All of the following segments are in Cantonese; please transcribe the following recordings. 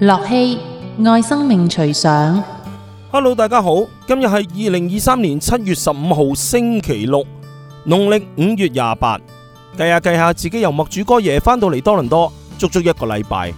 樂曦愛生命隨想，Hello，大家好，今天是2023年7月15日係二零二三年七月十五號星期六，農曆五月廿八，計下計下，自己由默主哥耶翻到嚟多倫多，足足一個禮拜，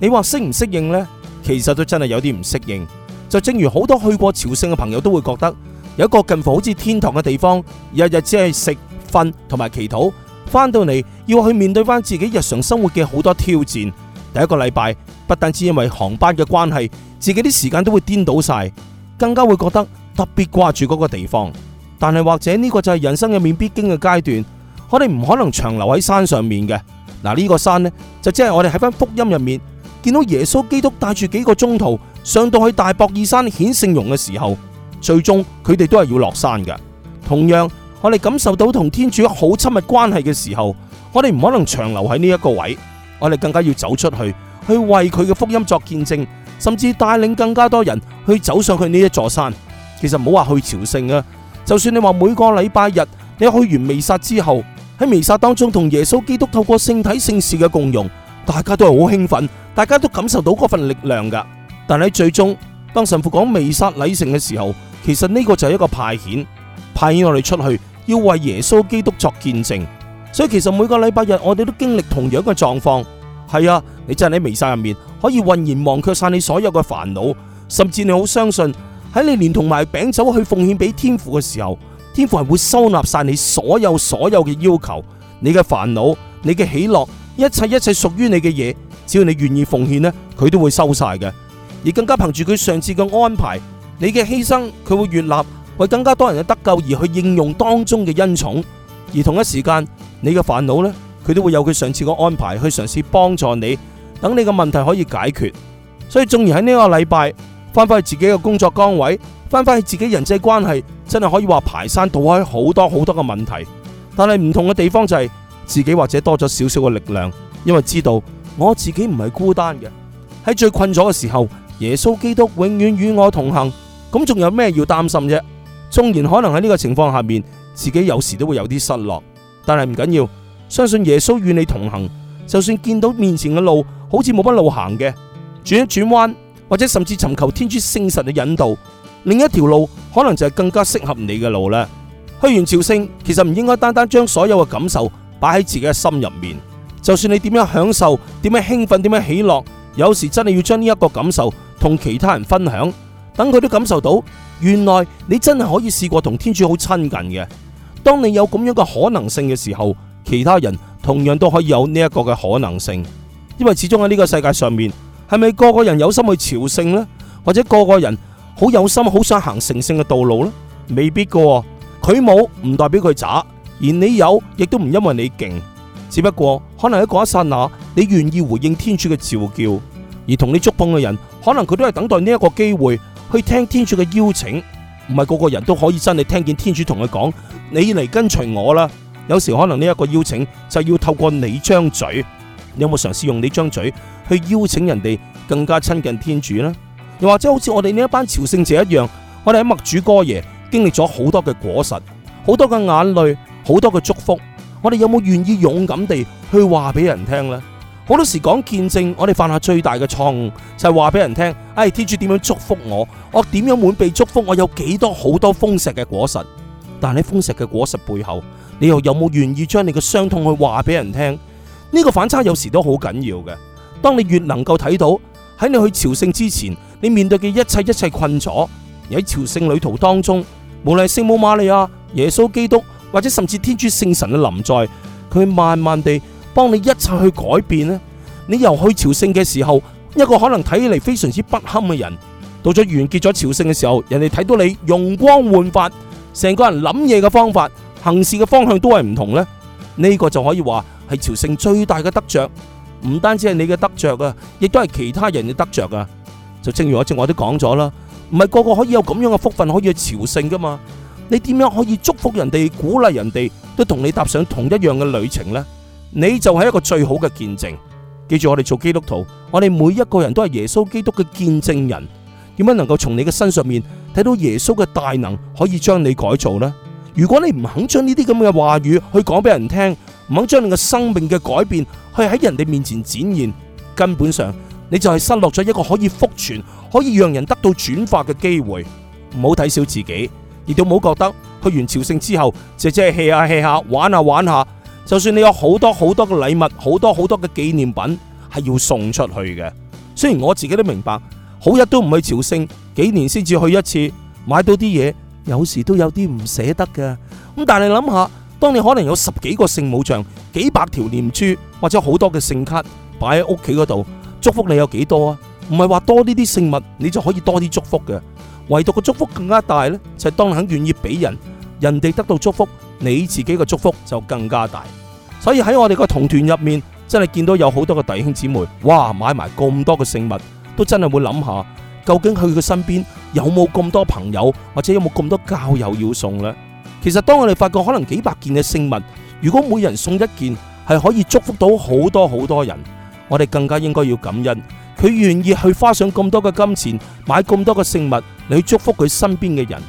你話適唔適應呢？其實都真係有啲唔適應，就正如好多去過朝聖嘅朋友都會覺得，有一個近乎好似天堂嘅地方，日日只係食瞓同埋祈禱，翻到嚟要去面對翻自己日常生活嘅好多挑戰。第一個禮拜，不但只因為航班嘅關係，自己啲時間都會顛倒晒，更加會覺得特別掛住嗰個地方。但係或者呢個就係人生入面必經嘅階段，我哋唔可能長留喺山上面嘅。嗱，呢個山呢，就即係我哋喺翻福音入面見到耶穌基督帶住幾個宗徒上到去大博爾山顯聖容嘅時候，最終佢哋都係要落山嘅。同樣，我哋感受到同天主好親密關係嘅時候，我哋唔可能長留喺呢一個位。我哋更加要走出去，去為佢嘅福音作見證，甚至帶領更加多人去走上去呢一座山。其實唔好話去朝聖啊，就算你話每個禮拜日你去完彌撒之後，喺彌撒當中同耶穌基督透過聖體聖事嘅共融，大家都係好興奮，大家都感受到嗰份力量噶。但係最終當神父講彌撒禮成嘅時候，其實呢個就係一個派遣，派遣我哋出去，要為耶穌基督作見證。所以其實每個禮拜日我哋都經歷同樣嘅狀況。係啊，你真係喺彌撒入面可以渾然忘卻晒你所有嘅煩惱，甚至你好相信喺你連同埋餅酒去奉獻俾天父嘅時候，天父係會收納晒你所有所有嘅要求，你嘅煩惱，你嘅喜樂，一切一切屬於你嘅嘢，只要你願意奉獻呢，佢都會收晒嘅。而更加憑住佢上次嘅安排，你嘅犧牲佢會悅納為更加多人嘅得救而去應用當中嘅恩寵，而同一時間你嘅煩惱呢。佢都會有佢上次個安排去嘗試幫助你，等你個問題可以解決。所以縱然喺呢個禮拜翻返去自己嘅工作崗位，翻返去自己人際關係，真係可以話排山倒海好多好多嘅問題。但係唔同嘅地方就係自己或者多咗少少嘅力量，因為知道我自己唔係孤單嘅。喺最困咗嘅時候，耶穌基督永遠與我同行。咁仲有咩要擔心啫？縱然可能喺呢個情況下面，自己有時都會有啲失落，但係唔緊要。相信耶穌與你同行，就算見到面前嘅路好似冇乜路行嘅，轉一轉彎或者甚至尋求天主聖神嘅引導，另一條路可能就係更加適合你嘅路喇。去完朝聖其實唔應該單單將所有嘅感受擺喺自己嘅心入面，就算你點樣享受、點樣興奮、點樣喜樂，有時真係要將呢一個感受同其他人分享，等佢都感受到原來你真係可以試過同天主好親近嘅。當你有咁樣嘅可能性嘅時候，其他人同樣都可以有呢一個嘅可能性，因為始終喺呢個世界上面，係咪個個人有心去朝聖呢？或者個個人好有心好想行成聖嘅道路呢？未必噶。佢冇唔代表佢渣，而你有亦都唔因為你勁，只不過可能喺嗰一剎那，你願意回應天主嘅召叫，而同你觸碰嘅人，可能佢都係等待呢一個機會去聽天主嘅邀請，唔係個個人都可以真係聽見天主同佢講，你嚟跟隨我啦。有時可能呢一個邀請就要透過你張嘴，你有冇嘗試用你張嘴去邀請人哋更加親近天主呢？又或者好似我哋呢一班朝聖者一樣，我哋喺默主哥爺經歷咗好多嘅果實，好多嘅眼淚，好多嘅祝福。我哋有冇願意勇敢地去話俾人聽呢？好多時講見證，我哋犯下最大嘅錯誤就係話俾人聽，唉，天主點樣祝福我？我點樣滿被祝福？我有幾多好多豐碩嘅果實但喺豐碩嘅果實背後。你又有冇願意將你嘅傷痛去話俾人聽？呢個反差有時都好緊要嘅。當你越能夠睇到喺你去朝聖之前，你面對嘅一切一切困阻，而喺朝聖旅途當中，無論聖母瑪利亞、耶穌基督或者甚至天主聖神嘅臨在，佢會慢慢地幫你一切去改變咧。你由去朝聖嘅時候，一個可能睇起嚟非常之不堪嘅人，到咗完結咗朝聖嘅時候，人哋睇到你容光煥發，成個人諗嘢嘅方法。行事嘅方向都係唔同呢，呢個就可以話係朝聖最大嘅得着，唔單止係你嘅得着啊，亦都係其他人嘅得着啊。就正如我正話我都講咗啦，唔係個個可以有咁樣嘅福分可以去朝聖噶嘛，你點樣可以祝福人哋、鼓勵人哋，都同你踏上同一樣嘅旅程呢？你就係一個最好嘅見證。記住，我哋做基督徒，我哋每一個人都係耶穌基督嘅見證人。點樣能夠從你嘅身上面睇到耶穌嘅大能，可以將你改造呢？如果你唔肯將呢啲咁嘅話語去講俾人聽，唔肯將你嘅生命嘅改變去喺人哋面前展現，根本上你就係失落咗一個可以復傳、可以讓人得到轉化嘅機會。唔好睇小自己，而亦唔好覺得去完朝聖之後，姐姐係氣下氣下，玩下玩下，就算你有好多好多嘅禮物、好多好多嘅紀念品係要送出去嘅。雖然我自己都明白，好日都唔去朝聖，幾年先至去一次，買到啲嘢。有時都有啲唔捨得嘅，咁但係你諗下，當你可能有十幾個聖母像、幾百條念珠或者好多嘅聖卡擺喺屋企嗰度，祝福你有幾多啊？唔係話多呢啲聖物，你就可以多啲祝福嘅。唯獨個祝福更加大呢，就係當你肯願意俾人，人哋得到祝福，你自己嘅祝福就更加大。所以喺我哋個同團入面，真係見到有好多嘅弟兄姊妹，哇，買埋咁多嘅聖物，都真係會諗下。究竟去佢身邊有冇咁多朋友，或者有冇咁多教友要送呢？其實當我哋發覺可能幾百件嘅聖物，如果每人送一件，係可以祝福到好多好多人。我哋更加應該要感恩佢願意去花上咁多嘅金錢買咁多嘅聖物嚟祝福佢身邊嘅人。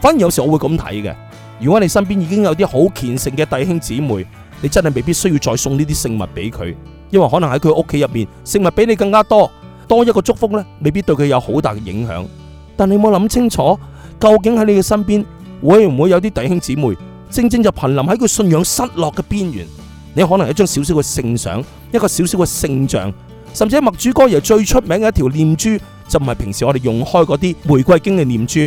反而有時我會咁睇嘅。如果你身邊已經有啲好虔誠嘅弟兄姊妹，你真係未必需要再送呢啲聖物俾佢，因為可能喺佢屋企入面，聖物比你更加多。多一個祝福咧，未必對佢有好大嘅影響。但你冇諗清楚，究竟喺你嘅身邊會唔會有啲弟兄姊妹，正正就瀕臨喺佢信仰失落嘅邊緣？你可能有一張少少嘅聖像，一個少少嘅聖像，甚至墨主哥爺最出名嘅一條念珠，就唔係平時我哋用開嗰啲玫瑰經嘅念珠，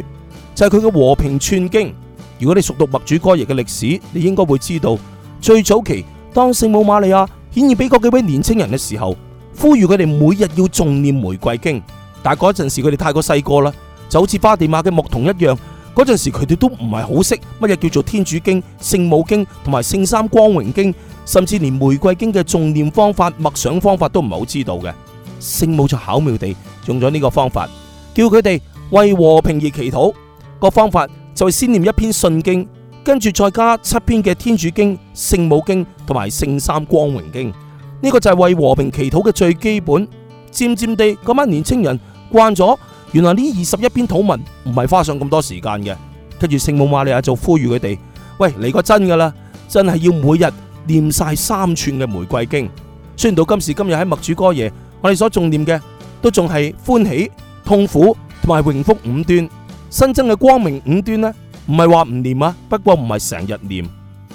就係佢嘅和平串經。如果你熟讀墨主哥爺嘅歷史，你應該會知道，最早期當聖母瑪利亞顯現俾嗰幾位年輕人嘅時候。呼籲佢哋每日要誦念玫瑰經，但係嗰陣時佢哋太過細個啦，就好似花地瑪嘅牧童一樣。嗰陣時佢哋都唔係好識乜嘢叫做天主經、聖母經同埋聖三光榮經，甚至連玫瑰經嘅誦念方法、默想方法都唔係好知道嘅。聖母就巧妙地用咗呢個方法，叫佢哋為和平而祈禱。個方法就係先念一篇信經，跟住再加七篇嘅天主經、聖母經同埋聖三光榮經。呢、這個就係為和平祈禱嘅最基本。漸漸地，嗰班年青人慣咗，原來呢二十一篇禱文唔係花上咁多時間嘅。跟住聖母瑪利亞就呼籲佢哋，喂嚟個真㗎啦，真係要每日念晒三串嘅玫瑰經。雖然到今時今日喺默主哥耶，我哋所重念嘅都仲係歡喜、痛苦同埋榮福五端。新增嘅光明五端呢，唔係話唔念啊，不過唔係成日念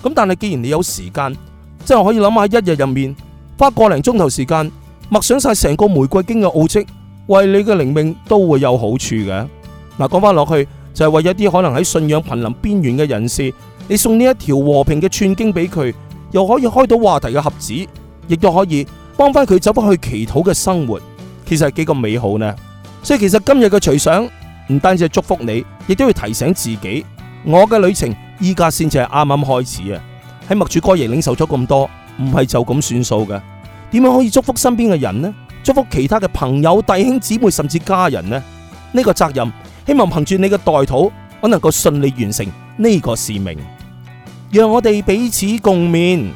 咁。但係既然你有時間，真係可以諗下一日入面，花個零鐘頭時間默想晒成個玫瑰經嘅奧迹，為你嘅靈命都會有好處嘅。嗱，講翻落去就係、是、為一啲可能喺信仰瀕臨邊緣嘅人士，你送呢一條和平嘅串經俾佢，又可以開到話題嘅盒子，亦都可以幫翻佢走翻去祈禱嘅生活。其實係幾咁美好呢？所以其實今日嘅隨想唔單止係祝福你，亦都要提醒自己，我嘅旅程依家先至係啱啱開始啊！喺默主哥爺領受咗咁多。唔係就咁算數嘅，點樣可以祝福身邊嘅人呢？祝福其他嘅朋友、弟兄姊妹，甚至家人呢？呢個責任，希望憑住你嘅代禱，我能夠順利完成呢個使命。讓我哋彼此共勉。